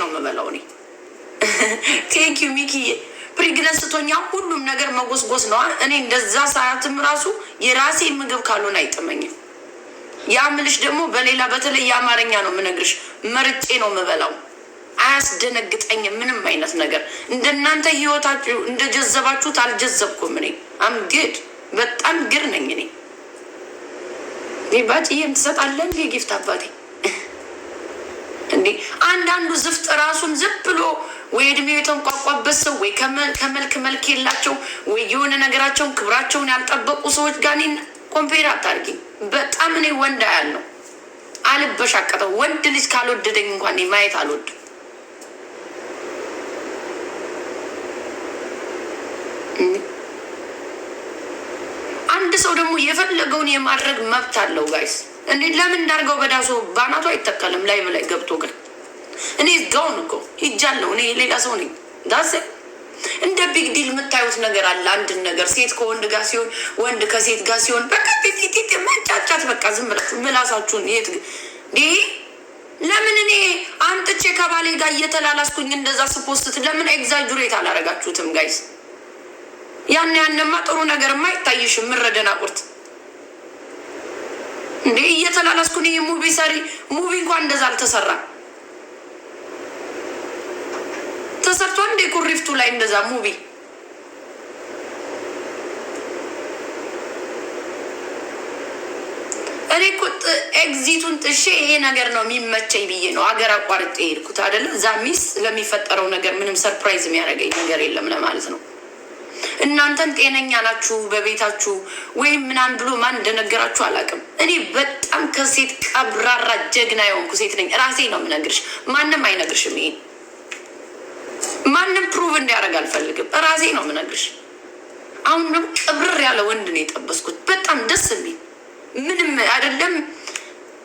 ነው የምበላው እኔ። ቴንኪ ሚኪዬ። ፕሪግነንስ ስቶኛ ሁሉም ነገር መጎስጎስ ነዋ። እኔ እንደዛ ሰዓትም ራሱ የራሴ ምግብ ካልሆነ አይጥመኝም። ያ ምልሽ ደግሞ በሌላ በተለይ የአማርኛ ነው የምነግርሽ፣ መርጬ ነው የምበላው። አያስደነግጠኝም ምንም አይነት ነገር። እንደናንተ ህይወታችሁ እንደጀዘባችሁት አልጀዘብኩም እኔ። አም ግድ በጣም ግር ነኝ እኔ። ባጭዬም ትሰጣለን ጊፍት አባቴ አንዳንዱ ዝፍጥ ራሱን ዝም ብሎ ወይ እድሜው የተንቋቋበት ሰው ወይ ከመልክ መልክ የላቸው ወይ የሆነ ነገራቸውን ክብራቸውን ያልጠበቁ ሰዎች ጋር እኔን ኮምፔር አታርጊ። በጣም እኔ ወንድ ያለው አልበሻቀጠው ወንድ ልጅ ካልወደደኝ እንኳን ማየት አልወድም። አንድ ሰው ደግሞ የፈለገውን የማድረግ መብት አለው። ጋይስ እንዴ ለምን እንዳርገው በዳሶ ባናቱ አይተከልም ላይ ላይ ገብቶ ግን እኔ ጋውን እኮ ሂጃለሁ። እኔ ሌላ ሰው ነኝ። ዳሴ እንደ ቢግ ዲል የምታዩት ነገር አለ። አንድን ነገር ሴት ከወንድ ጋር ሲሆን፣ ወንድ ከሴት ጋር ሲሆን በቃ ቴቴቴ መጫጫት በቃ ዝም ብላችሁ ምላሳችሁን የት ይህ ለምን እኔ አንጥቼ ከባሌ ጋር እየተላላስኩኝ እንደዛ ስፖስት ለምን ኤግዛጅሬት አላረጋችሁትም ጋይስ? ያን ያንማ ጥሩ ነገር ማይታይሽ ምረደና ቁርት እንዴ እየተላላስኩን ሙቪ ሰሪ ሙቪ እንኳን እንደዛ አልተሰራም። ሊፍቱ ላይ እንደዛ ሙቪ እኔ እኮ ኤግዚቱን ጥሼ ይሄ ነገር ነው የሚመቸኝ ብዬ ነው አገር አቋርጬ የሄድኩት አይደለም። እዛ ሚስ ለሚፈጠረው ነገር ምንም ሰርፕራይዝ የሚያደርገኝ ነገር የለም ለማለት ነው። እናንተን ጤነኛ ናችሁ በቤታችሁ ወይም ምናምን ብሎ ማን እንደነገራችሁ አላውቅም። እኔ በጣም ከሴት ቀብራራ ጀግና የሆንኩ ሴት ነኝ። ራሴ ነው የምነግርሽ፣ ማንም አይነግርሽም ይሄን ማንም ፕሩቭ እንዲያደርግ አልፈልግም። ራሴ ነው የምነግርሽ። አሁን ደግሞ ቅብርር ያለ ወንድ ነው የጠበስኩት። በጣም ደስ የሚል ምንም አይደለም።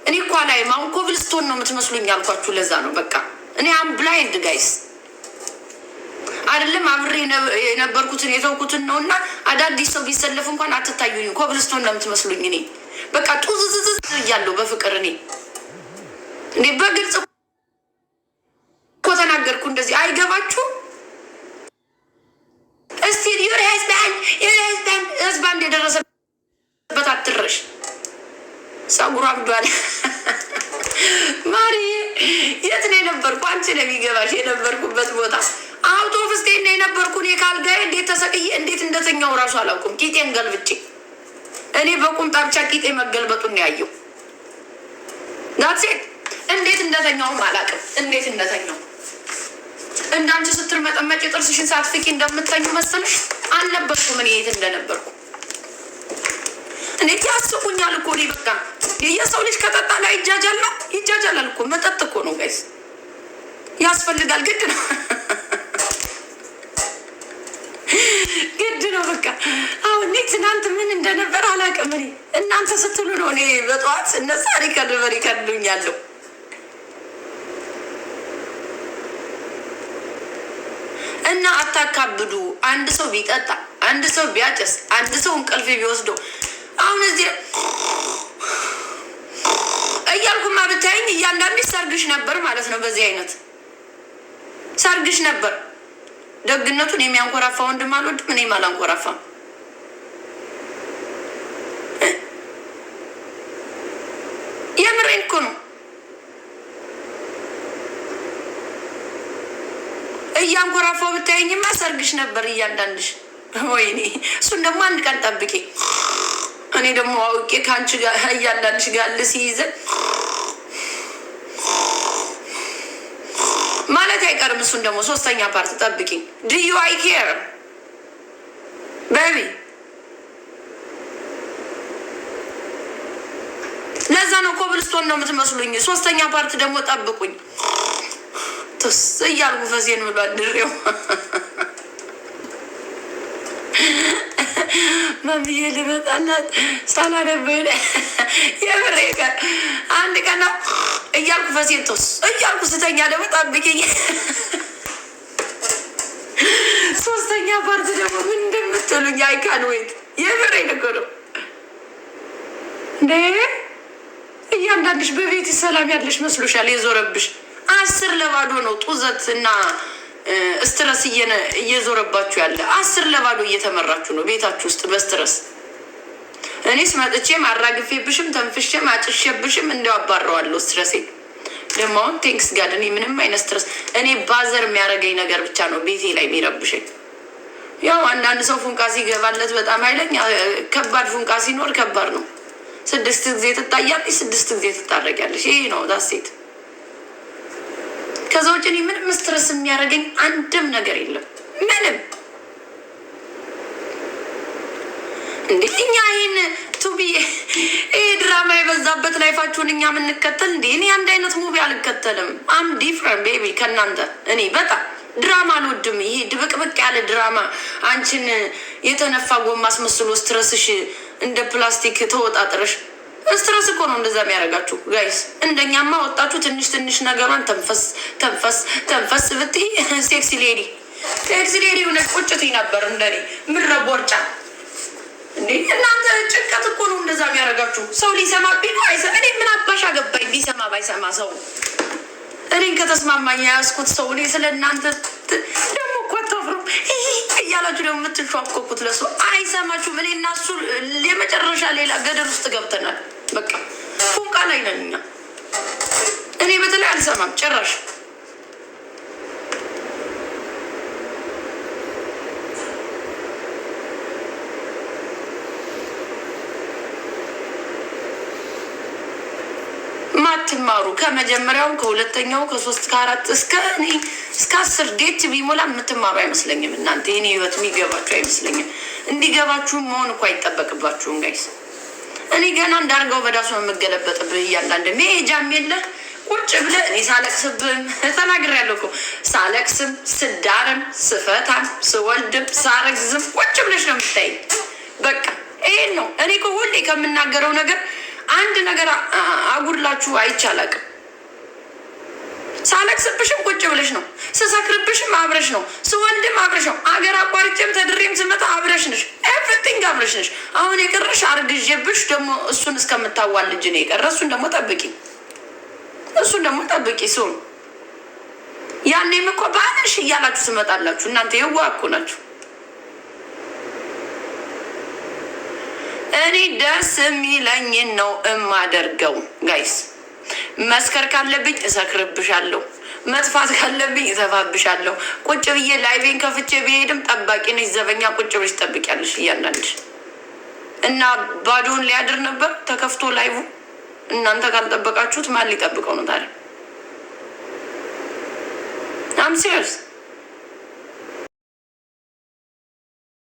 እኔ እኮ ላይ አሁን ኮብልስቶን ነው የምትመስሉኝ ያልኳችሁ ለዛ ነው። በቃ እኔ አም ብላይንድ ጋይስ አይደለም አብሬ የነበርኩትን የተውኩትን ነው እና አዳዲስ ሰው ቢሰለፍ እንኳን አትታዩኝ። ኮብልስቶን ነው የምትመስሉኝ። እኔ በቃ ጡዝዝዝዝ እያለሁ በፍቅር እኔ እንዴ በግልጽ እኮ ተናገርኩ እንደዚህ አይ የደረሰበት አትረሽ ጸጉሩ አብዷል። ማሪ የት ነው የነበርኩ? አንቺ ነው የሚገባሽ። የነበርኩበት ቦታ አውቶብስ ላይ ነው የነበርኩ። እኔ ካልጋዬ እንዴት ተሰቅዬ እንዴት እንደተኛው እራሱ አላውቅም። ቂጤን ገልብጬ እኔ በቁም ጣብቻ ቂጤ መገልበጡን ያየው ዳትሴት እንዴት እንደተኛውም አላውቅም። እንዴት እንደተኛው እንዳንቺ ስትል መጠመጭ የጥርስሽን ሳትፍቂ እንደምትተኙ መሰልሽ አልነበርኩም እኔ የት እንደነበርኩ እንዴት ያስቡኛል እኮ እኔ በቃ የሰው ልጅ ከጠጣ ላይ ይጃጃል ነው ይጃጃላል እኮ መጠጥ እኮ ነው ጋይስ ያስፈልጋል ግድ ነው ግድ ነው በቃ አሁን እኔ ትናንት ምን እንደነበረ አላውቅም እኔ እናንተ ስትሉ ነው እኔ በጠዋት እነሳ ሪከርድ በሪከርዱኛለሁ እና አታካብዱ አንድ ሰው ቢጠጣ አንድ ሰው ቢያጨስ አንድ ሰው እንቅልፍ ቢወስደው አሁን እዚህ እያልኩማ ብታይኝ እያንዳንዴ ሰርግሽ ነበር ማለት ነው። በዚህ አይነት ሰርግሽ ነበር። ደግነቱን የሚያንኮራፋ ወንድም አልወድም፣ እኔም አላንኮራፋም። የምሬን እኮ ነው። እያንኮራፋው ብታይኝማ ሰርግሽ ነበር እያንዳንድሽ። ወይኔ እሱን ደግሞ አንድ ቀን ጠብቄ እኔ ደግሞ አውቄ ከአንቺ ጋር እያንዳንድሽ ጋር ልስይዘን ማለት አይቀርም። እሱን ደግሞ ሶስተኛ ፓርት ጠብቂኝ። ድዩ አይ ኬር ቤቢ። ለዛ ነው ኮብልስቶን ነው የምትመስሉኝ። ሶስተኛ ፓርት ደግሞ ጠብቁኝ። ትስ እያልኩ ፈሴን ብሏል ድሬው መምዬ ልመጣላት ሳላደበደ የምሬ ቀን አንድ ቀና እያልኩ ፈሴንቶስ እያልኩ ስተኛ ደግሞ ጠብቂኝ። ሶስተኛ ፓርት ደግሞ ምን እንደምትሉኝ አይካን ወይት የምሬ ነገር ነው እንዴ! እያንዳንድሽ በቤት ሰላም ያለሽ መስሎሻል። የዞረብሽ አስር ለባዶ ነው ጡዘት እና ስትረስ እየዞረባችሁ ያለ አስር ለባዶ እየተመራችሁ ነው ቤታችሁ ውስጥ በስትረስ እኔስ መጥቼም አራግፌብሽም ተንፍሼም አጭሼብሽም እንደው አባረዋለሁ ስትረሴ ደግሞ አሁን ቴንክስ ጋር እኔ ምንም አይነት ስትረስ እኔ ባዘር የሚያደርገኝ ነገር ብቻ ነው ቤቴ ላይ የሚረብሸኝ ያው አንዳንድ ሰው ፉንቃ ሲገባለት በጣም ኃይለኛ ከባድ ፉንቃ ሲኖር ከባድ ነው ስድስት ጊዜ ትታያለች ስድስት ጊዜ ትታረቂያለች ይሄ ነው ዳሴት ከዛ ውጭ እኔ ምንም ስትረስ የሚያደርገኝ አንድም ነገር የለም። ምንም እንዴ እኛ ይህን ቱቢ ይህ ድራማ የበዛበት ላይፋችሁን እኛ የምንከተል እንዲ እኔ አንድ አይነት ሙቪ አልከተልም። አም ዲፍረንት ቤቢ ከእናንተ እኔ በጣም ድራማ አልወድም። ይሄ ድብቅብቅ ያለ ድራማ አንቺን የተነፋ ጎማ አስመስሎ ስትረስሽ እንደ ፕላስቲክ ተወጣጥረሽ ስትረስ እኮ ነው እንደዛ የሚያደርጋችሁ ጋይስ። እንደኛማ ወጣችሁ ትንሽ ትንሽ ነገሯን ተንፈስ ተንፈስ ተንፈስ ብትይ ሴክሲ ሌዲ ሴክሲ ሌዲ ሆነሽ ቁጭ ነበር። እንደኔ ምረብ ወርጫ እንዴ እናንተ ጭንቀት እኮ ነው እንደዛ የሚያደርጋችሁ። ሰው ሊሰማ ቢሉ እኔ ምን አባሽ አገባኝ ቢሰማ ባይሰማ ሰው እኔን ከተስማማኝ ያስኩት ሰው እኔ ስለ እናንተ ደግሞ እኮ አታፍሩም እያላችሁ ደግሞ የምትንሸዋኮኩት ለሱ አይሰማችሁም። እኔ እና እሱ የመጨረሻ ሌላ ገደር ውስጥ ገብተናል። በቃ ፎንቃ ላይ ነን እኛ። እኔ በተለይ አልሰማም ጭራሽ። ማትማሩ ከመጀመሪያው ከሁለተኛው ከሶስት ከአራት እስከ እኔ እስከ አስር ጌት ቢሞላ የምትማሩ አይመስለኝም። እናንተ የኔ ህይወት የሚገባችሁ አይመስለኝም። እንዲገባችሁ መሆን እኮ አይጠበቅባችሁም ጋይስ። እኔ ገና እንዳርገው በዳሱ የምገለበጥብህ እያንዳንድ ሜጃም የለህ ቁጭ ብለ እኔ ሳለቅስብህም ተናግሬያለሁ እኮ ሳለቅስም ስዳርም ስፈታም ስወልድም ሳረግዝም ቁጭ ብለሽ ነው የምታይ። በቃ ይሄን ነው እኔ እኮ ሁሌ ከምናገረው ነገር አንድ ነገር አጉድላችሁ አይቻላቅም። ሳለቅስብሽም ቁጭ ብለሽ ነው፣ ስሰክርብሽም አብረሽ ነው፣ ስወልድም አብረሽ ነው። አገር አቋርጬም ተድሬም ስመጣ አብረሽ ነሽ። አብረሽ ነሽ። አሁን የቀረሽ አርግዤብሽ ደግሞ እሱን እስከምታዋል ልጅ ነው የቀረ። እሱን ደግሞ ጠብቂ፣ እሱን ደግሞ ጠብቂ። ሰው ያኔም እኮ በአንሽ እያላችሁ ትመጣላችሁ። እናንተ የዋ እኮ ናችሁ። እኔ ደስ የሚለኝን ነው እማደርገው። ጋይስ መስከር ካለብኝ እሰክርብሻለሁ። መጥፋት ካለብኝ እተፋብሻለሁ። ቁጭ ብዬ ላይቬን ከፍቼ ብሄድም ጠባቂ ነች ዘበኛ ቁጭ ብለሽ ትጠብቂያለሽ። እያንዳንድ እና ባዶን ሊያድር ነበር ተከፍቶ ላይቡ። እናንተ ካልጠበቃችሁት ማን ሊጠብቀው ነው ታዲያ? አም ሲሪየስ